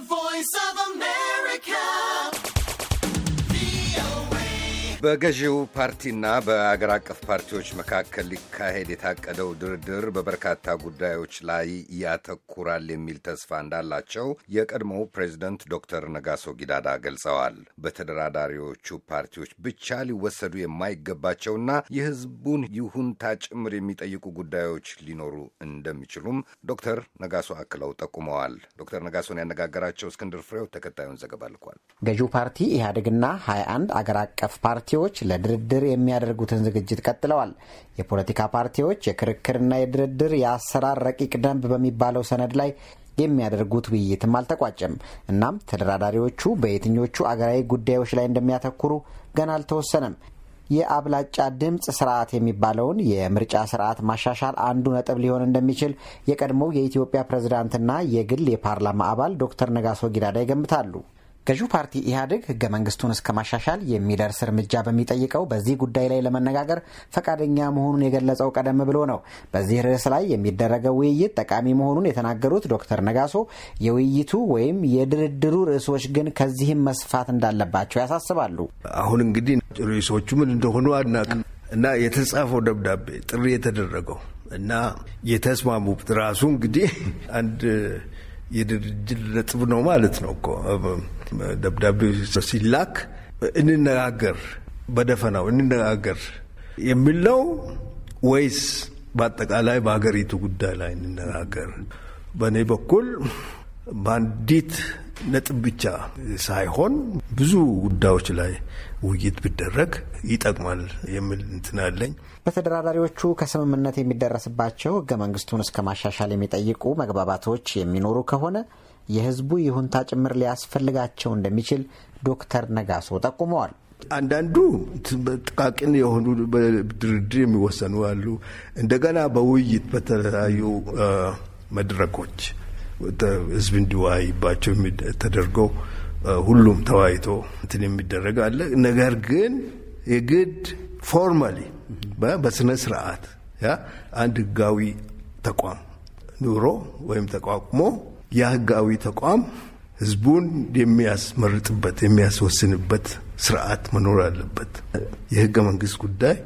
the voice. በገዢው ፓርቲና በአገር አቀፍ ፓርቲዎች መካከል ሊካሄድ የታቀደው ድርድር በበርካታ ጉዳዮች ላይ ያተኩራል የሚል ተስፋ እንዳላቸው የቀድሞው ፕሬዚደንት ዶክተር ነጋሶ ጊዳዳ ገልጸዋል። በተደራዳሪዎቹ ፓርቲዎች ብቻ ሊወሰዱ የማይገባቸውና የሕዝቡን ይሁንታ ጭምር የሚጠይቁ ጉዳዮች ሊኖሩ እንደሚችሉም ዶክተር ነጋሶ አክለው ጠቁመዋል። ዶክተር ነጋሶን ያነጋገራቸው እስክንድር ፍሬው ተከታዩን ዘገባ ልኳል። ገዢው ፓርቲ ኢህአዴግና 21 አገር አቀፍ ፓርቲ ፓርቲዎች ለድርድር የሚያደርጉትን ዝግጅት ቀጥለዋል። የፖለቲካ ፓርቲዎች የክርክርና የድርድር የአሰራር ረቂቅ ደንብ በሚባለው ሰነድ ላይ የሚያደርጉት ውይይትም አልተቋጨም። እናም ተደራዳሪዎቹ በየትኞቹ አገራዊ ጉዳዮች ላይ እንደሚያተኩሩ ገና አልተወሰነም። የአብላጫ ድምፅ ስርዓት የሚባለውን የምርጫ ስርዓት ማሻሻል አንዱ ነጥብ ሊሆን እንደሚችል የቀድሞው የኢትዮጵያ ፕሬዝዳንትና የግል የፓርላማ አባል ዶክተር ነጋሶ ጊዳዳ ይገምታሉ። ገዢው ፓርቲ ኢህአዴግ ህገ መንግስቱን እስከ ማሻሻል የሚደርስ እርምጃ በሚጠይቀው በዚህ ጉዳይ ላይ ለመነጋገር ፈቃደኛ መሆኑን የገለጸው ቀደም ብሎ ነው። በዚህ ርዕስ ላይ የሚደረገው ውይይት ጠቃሚ መሆኑን የተናገሩት ዶክተር ነጋሶ የውይይቱ ወይም የድርድሩ ርዕሶች ግን ከዚህም መስፋት እንዳለባቸው ያሳስባሉ። አሁን እንግዲህ ርዕሶቹ ምን እንደሆኑ አናውቅም እና የተጻፈው ደብዳቤ ጥሪ የተደረገው እና የተስማሙበት ራሱ እንግዲህ አንድ የድርጅት ነጥብ ነው ማለት ነው እኮ ደብዳቤ ሲላክ እንነጋገር በደፈናው እንነጋገር የሚል ነው ወይስ በአጠቃላይ በሀገሪቱ ጉዳይ ላይ እንነጋገር? በእኔ በኩል በአንዲት ነጥብ ብቻ ሳይሆን ብዙ ጉዳዮች ላይ ውይይት ቢደረግ ይጠቅማል የሚል እንትን አለኝ። በተደራዳሪዎቹ ከስምምነት የሚደረስባቸው ህገ መንግስቱን እስከ ማሻሻል የሚጠይቁ መግባባቶች የሚኖሩ ከሆነ የህዝቡ ይሁንታ ጭምር ሊያስፈልጋቸው እንደሚችል ዶክተር ነጋሶ ጠቁመዋል። አንዳንዱ ጥቃቅን የሆኑ ድርድር የሚወሰኑ አሉ። እንደገና በውይይት በተለያዩ መድረኮች ህዝብ እንዲወያይባቸው ተደርገው ሁሉም ተወያይቶ እንትን የሚደረግ አለ። ነገር ግን የግድ ፎርማሊ በስነ ስርዓት ያ አንድ ህጋዊ ተቋም ኑሮ ወይም ተቋቁሞ ያ ህጋዊ ተቋም ህዝቡን የሚያስመርጥበት የሚያስወስንበት ስርዓት መኖር አለበት። የህገ መንግስት ጉዳይ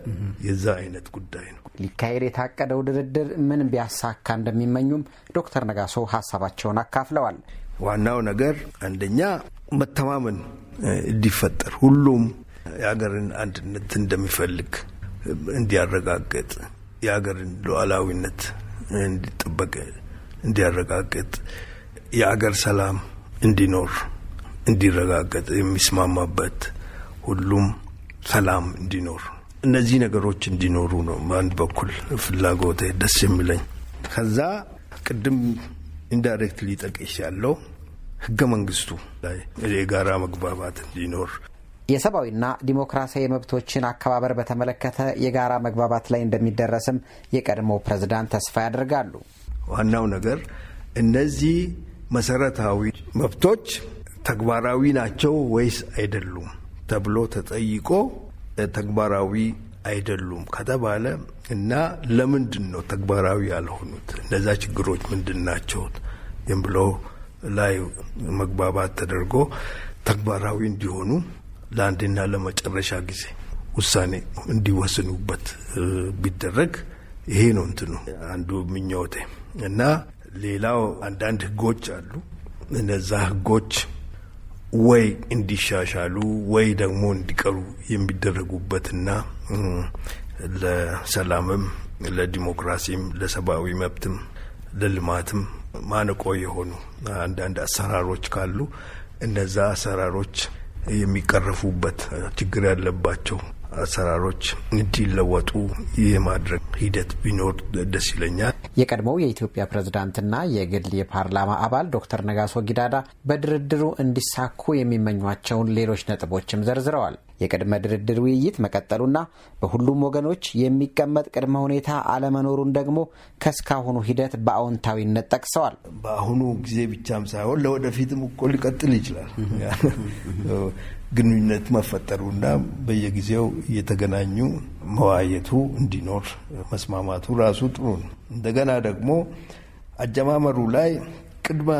የዛ አይነት ጉዳይ ነው። ሊካሄድ የታቀደው ድርድር ምን ቢያሳካ እንደሚመኙም ዶክተር ነጋሶ ሀሳባቸውን አካፍለዋል። ዋናው ነገር አንደኛ መተማመን እንዲፈጠር ሁሉም የሀገርን አንድነት እንደሚፈልግ እንዲያረጋግጥ የሀገርን ሉዓላዊነት እንዲጠበቅ እንዲያረጋግጥ የአገር ሰላም እንዲኖር እንዲረጋገጥ የሚስማማበት ሁሉም ሰላም እንዲኖር እነዚህ ነገሮች እንዲኖሩ ነው በአንድ በኩል ፍላጎት ደስ የሚለኝ። ከዛ ቅድም ኢንዳይሬክት ሊጠቅሽ ያለው ህገ መንግስቱ ላይ የጋራ መግባባት እንዲኖር የሰብአዊና ዲሞክራሲያዊ መብቶችን አከባበር በተመለከተ የጋራ መግባባት ላይ እንደሚደረስም የቀድሞ ፕሬዝዳንት ተስፋ ያደርጋሉ። ዋናው ነገር እነዚህ መሰረታዊ መብቶች ተግባራዊ ናቸው ወይስ አይደሉም? ተብሎ ተጠይቆ ተግባራዊ አይደሉም ከተባለ እና ለምንድን ነው ተግባራዊ ያልሆኑት? እነዛ ችግሮች ምንድን ናቸው? ዝም ብሎ ላይ መግባባት ተደርጎ ተግባራዊ እንዲሆኑ ለአንድና ለመጨረሻ ጊዜ ውሳኔ እንዲወስኑበት ቢደረግ ይሄ ነው እንትኑ አንዱ ምኞቴ እና ሌላው አንዳንድ ህጎች አሉ እነዛ ህጎች ወይ እንዲሻሻሉ ወይ ደግሞ እንዲቀሩ የሚደረጉበትና ለሰላምም ለዲሞክራሲም ለሰብአዊ መብትም ለልማትም ማነቆ የሆኑ አንዳንድ አሰራሮች ካሉ እነዛ አሰራሮች የሚቀረፉበት ችግር ያለባቸው አሰራሮች እንዲለወጡ የማድረግ ሂደት ቢኖር ደስ ይለኛል። የቀድሞው የኢትዮጵያ ፕሬዝዳንትና የግል የፓርላማ አባል ዶክተር ነጋሶ ጊዳዳ በድርድሩ እንዲሳኩ የሚመኟቸውን ሌሎች ነጥቦችም ዘርዝረዋል። የቅድመ ድርድር ውይይት መቀጠሉና በሁሉም ወገኖች የሚቀመጥ ቅድመ ሁኔታ አለመኖሩን ደግሞ ከእስካሁኑ ሂደት በአዎንታዊነት ጠቅሰዋል። በአሁኑ ጊዜ ብቻም ሳይሆን ለወደፊትም እኮ ሊቀጥል ይችላል። ግንኙነት መፈጠሩና በየጊዜው እየተገናኙ መዋየቱ እንዲኖር መስማማቱ ራሱ ጥሩ ነው። እንደገና ደግሞ አጀማመሩ ላይ ቅድመ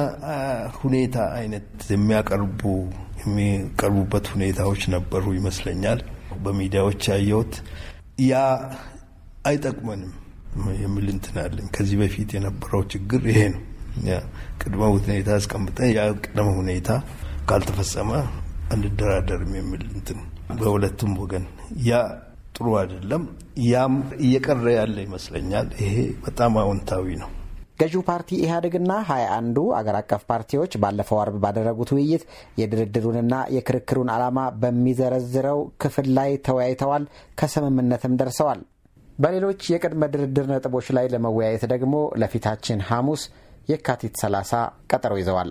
ሁኔታ አይነት የሚያቀርቡ የሚቀርቡበት ሁኔታዎች ነበሩ ይመስለኛል። በሚዲያዎች ያየሁት ያ አይጠቅመንም የሚል እንትን አለኝ። ከዚህ በፊት የነበረው ችግር ይሄ ነው። ቅድመ ሁኔታ አስቀምጠን ያ ቅድመ ሁኔታ ካልተፈጸመ አንደራደርም የሚል እንትን በሁለቱም ወገን ያ ጥሩ አይደለም። ያም እየቀረ ያለ ይመስለኛል። ይሄ በጣም አዎንታዊ ነው። ገዢው ፓርቲ ኢህአዴግና ሀያ አንዱ አገር አቀፍ ፓርቲዎች ባለፈው አርብ ባደረጉት ውይይት የድርድሩንና የክርክሩን ዓላማ በሚዘረዝረው ክፍል ላይ ተወያይተዋል፣ ከስምምነትም ደርሰዋል። በሌሎች የቅድመ ድርድር ነጥቦች ላይ ለመወያየት ደግሞ ለፊታችን ሐሙስ የካቲት 30 ቀጠሮ ይዘዋል።